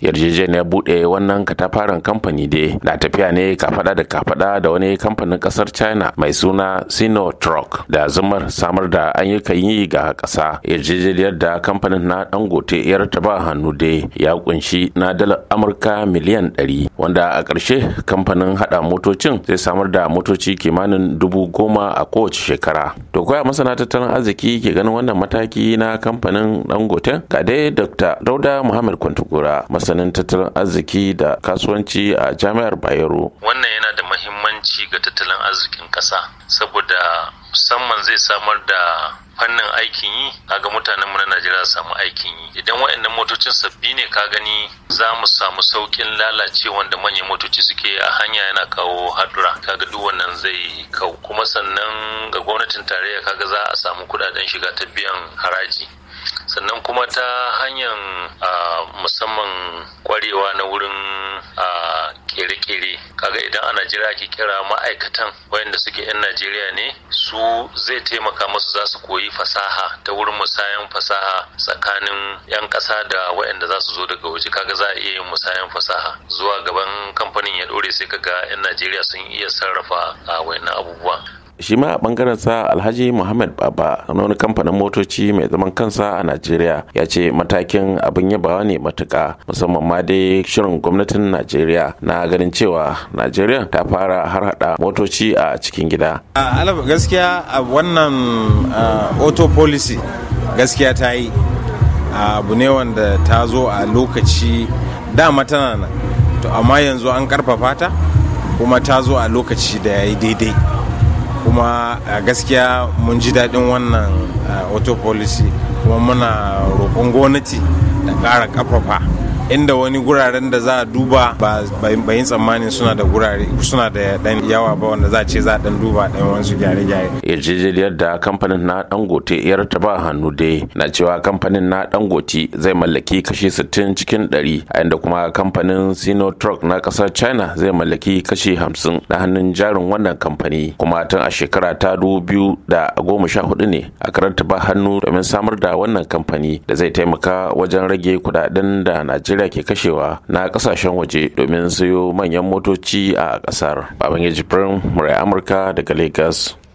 yarjejeniyar buɗe wannan katafaren kamfani da na tafiya ne kafada da kafada da wani kamfanin kasar china mai suna sinotruck da zumar samar da ayyukan yi ga kasa yarjejeniyar da kamfanin na dangote yar taba hannu da ya kunshi na dala amurka miliyan 100 wanda a ƙarshe kamfanin hada motocin zai samar da motoci kimanin dubu goma a kowace shekara to koya masana tattalin arziki ke ganin wannan mataki na kamfanin dangote ga dai dr dauda muhammad kwantugura masanin tattalin arziki da kasuwanci a jami'ar bayero wannan yana da mahimmanci ga tattalin arzikin kasa saboda musamman zai samar da fannin aikin yi a ga mutanen mu na Najeriya samu aikin yi idan waɗannan motocin sabbi ne ka gani za mu samu saukin lalacewan da manyan motoci suke a hanya yana kawo haɗura kaga duk wannan zai kau kuma sannan ga gwamnatin tarayya kaga za a samu kuɗaɗen shiga ta biyan haraji sannan kuma ta hanyar ah, musamman kwarewa na wurin a kere-kere kaga idan a Najeriya ki kira ma'aikatan wayanda suke 'yan najeriya ne su zai taimaka masu za su koyi fasaha ta wurin musayan fasaha tsakanin 'yan ƙasa da wayanda za su zo daga waje kaga za a iya yin musayan fasaha zuwa gaban kamfanin ya dore sai kaga 'yan najeriya sun iya sarrafa a wayannan abubuwa shi ma a bangaren sa alhaji muhammad baba na wani kamfanin motoci mai zaman kansa a najeriya ya ce matakin abin yabawa ne matuka musamman ma dai shirin gwamnatin najeriya na ganin cewa najeriya ta fara har hada motoci a cikin gida gaskiya a wannan auto policy gaskiya ta yi abu ne wanda ta zo a lokaci dama tana nan to amma yanzu an karfafa ta kuma ta zo a lokaci da ya yi daidai kuma a gaskiya mun ji daɗin wannan auto policy kuma muna roƙon gwamnati da ƙara ƙafafa inda wani guraren da za a duba ba yin tsammanin suna da gurare suna da dan yawa ba wanda za a ce za a dan duba dan wasu gyare-gyare yarjejeniyar da kamfanin na dangote yar ta ba hannu dai na cewa kamfanin na dangote zai mallaki kashi 60 cikin 100 a inda kuma kamfanin sinotruk na kasar china zai mallaki kashi 50 na hannun jarin wannan kamfani kuma tun a shekara ta 2014 ne a karanta ba hannu domin samar da wannan kamfani da zai taimaka wajen rage kudaden da najeriya najeriya ke kashewa na kasashen waje domin sayo manyan motoci a kasar baban ya jibrin murai amurka daga lagos